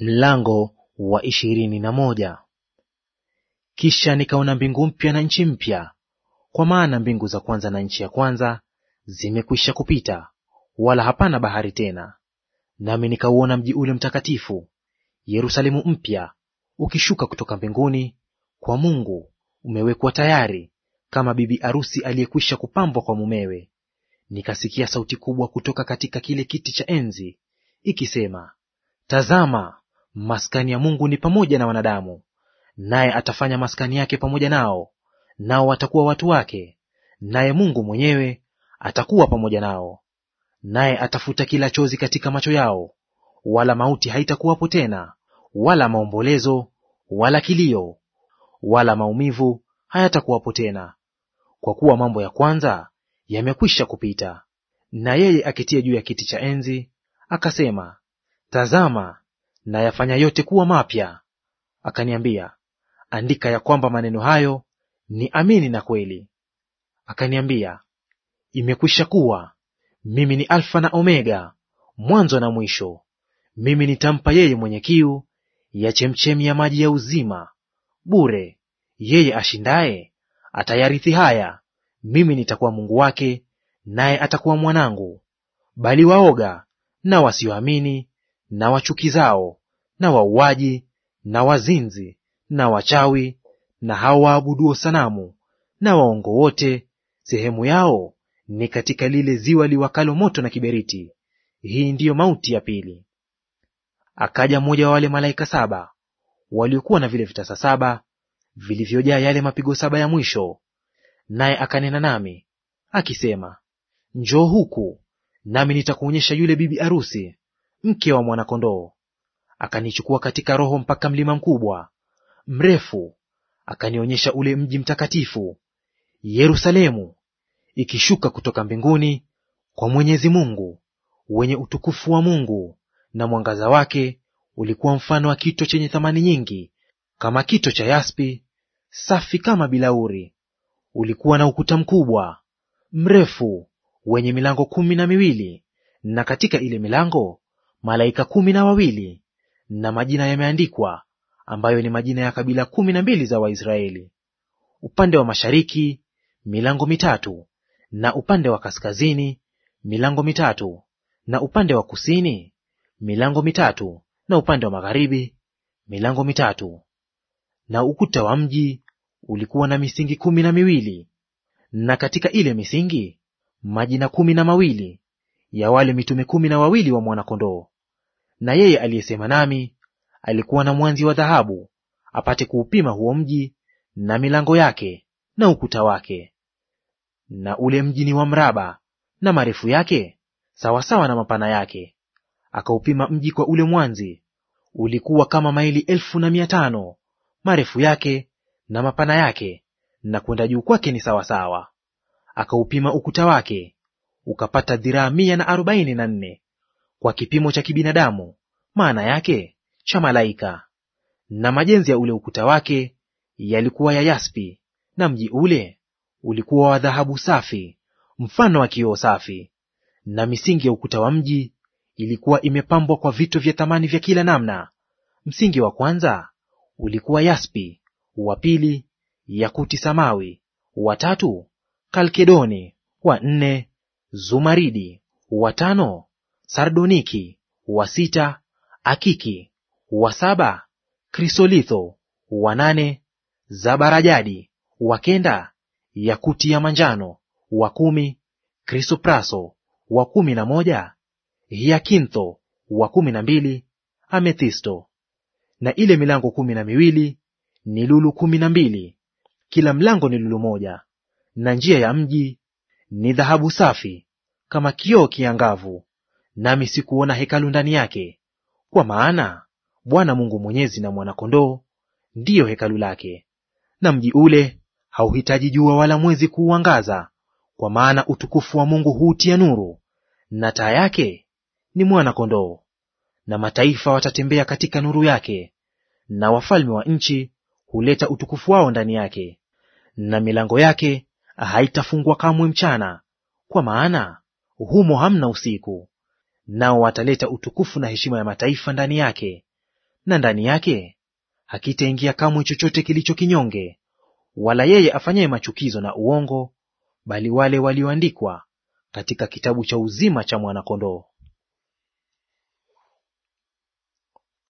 Mlango wa ishirini na moja. Kisha nikaona mbingu mpya na nchi mpya, kwa maana mbingu za kwanza na nchi ya kwanza zimekwisha kupita, wala hapana bahari tena. Nami nikauona mji ule mtakatifu Yerusalemu mpya ukishuka kutoka mbinguni kwa Mungu, umewekwa tayari kama bibi arusi aliyekwisha kupambwa kwa mumewe. Nikasikia sauti kubwa kutoka katika kile kiti cha enzi ikisema, Tazama, Maskani ya Mungu ni pamoja na wanadamu, naye atafanya maskani yake pamoja nao, nao watakuwa watu wake, naye Mungu mwenyewe atakuwa pamoja nao. Naye atafuta kila chozi katika macho yao, wala mauti haitakuwapo tena, wala maombolezo, wala kilio, wala maumivu hayatakuwapo tena, kwa kuwa mambo ya kwanza yamekwisha kupita. Na yeye akitia juu ya kiti cha enzi akasema, Tazama, na yafanya yote kuwa mapya. Akaniambia, andika ya kwamba maneno hayo ni amini na kweli. Akaniambia, imekwisha kuwa. Mimi ni Alfa na Omega, mwanzo na mwisho. Mimi nitampa yeye mwenye kiu ya chemchemi ya maji ya uzima bure. Yeye ashindaye atayarithi haya, mimi nitakuwa Mungu wake, naye atakuwa mwanangu. Bali waoga na wasioamini na wachukizao na wauaji na wazinzi na wachawi na hao waabuduo sanamu na waongo wote, sehemu yao ni katika lile ziwa liwakalo moto na kiberiti. Hii ndiyo mauti ya pili. Akaja mmoja wa wale malaika saba waliokuwa na vile vitasa saba vilivyojaa yale mapigo saba ya mwisho, naye akanena nami akisema, njoo huku, nami nitakuonyesha yule bibi arusi, mke wa mwana-kondoo akanichukua katika Roho mpaka mlima mkubwa mrefu, akanionyesha ule mji mtakatifu Yerusalemu ikishuka kutoka mbinguni kwa Mwenyezi Mungu, wenye utukufu wa Mungu, na mwangaza wake ulikuwa mfano wa kito chenye thamani nyingi, kama kito cha yaspi safi kama bilauri. Ulikuwa na ukuta mkubwa mrefu wenye milango kumi na miwili, na katika ile milango malaika kumi na wawili na majina yameandikwa, ambayo ni majina ya kabila kumi na mbili za Waisraeli. Upande wa mashariki milango mitatu, na upande wa kaskazini milango mitatu, na upande wa kusini milango mitatu, na upande wa magharibi milango mitatu. Na ukuta wa mji ulikuwa na misingi kumi na miwili, na katika ile misingi majina kumi na mawili ya wale mitume kumi na wawili wa mwana-kondoo na yeye aliyesema nami alikuwa na mwanzi wa dhahabu apate kuupima huo mji na milango yake na ukuta wake. Na ule mji ni wa mraba, na marefu yake sawasawa na mapana yake. Akaupima mji kwa ule mwanzi, ulikuwa kama maili elfu na mia tano marefu yake na mapana yake, na kwenda juu kwake ni sawasawa. Akaupima ukuta wake, ukapata dhiraa mia na arobaini na nne kwa kipimo cha kibinadamu, maana yake cha malaika. Na majenzi ya ule ukuta wake yalikuwa ya yaspi, na mji ule ulikuwa wa dhahabu safi, mfano wa kioo safi. Na misingi ya ukuta wa mji ilikuwa imepambwa kwa vito vya thamani vya kila namna. Msingi wa kwanza ulikuwa yaspi, wa pili yakuti samawi, wa tatu kalkedoni, wa nne zumaridi, wa tano Sardoniki, wa sita Akiki, wa saba Krisolitho, wa nane Zabarajadi, wa kenda yakuti ya manjano, wa kumi Krisopraso, wa kumi na moja Hiakintho, wa kumi na mbili Amethisto. Na ile milango kumi na miwili ni lulu kumi na mbili, kila mlango ni lulu moja, na njia ya mji ni dhahabu safi kama kioo kiangavu nami sikuona hekalu ndani yake, kwa maana Bwana Mungu Mwenyezi na Mwana-Kondoo ndiyo hekalu lake. Na mji ule hauhitaji jua wala mwezi kuuangaza, kwa maana utukufu wa Mungu huutia nuru, na taa yake ni Mwana-Kondoo. Na mataifa watatembea katika nuru yake, na wafalme wa nchi huleta utukufu wao ndani yake. Na milango yake haitafungwa kamwe mchana, kwa maana humo hamna usiku nao wataleta utukufu na heshima ya mataifa ndani yake, na ndani yake hakitaingia kamwe chochote kilicho kinyonge, wala yeye afanyaye machukizo na uongo, bali wale walioandikwa katika kitabu cha uzima cha Mwana-Kondoo.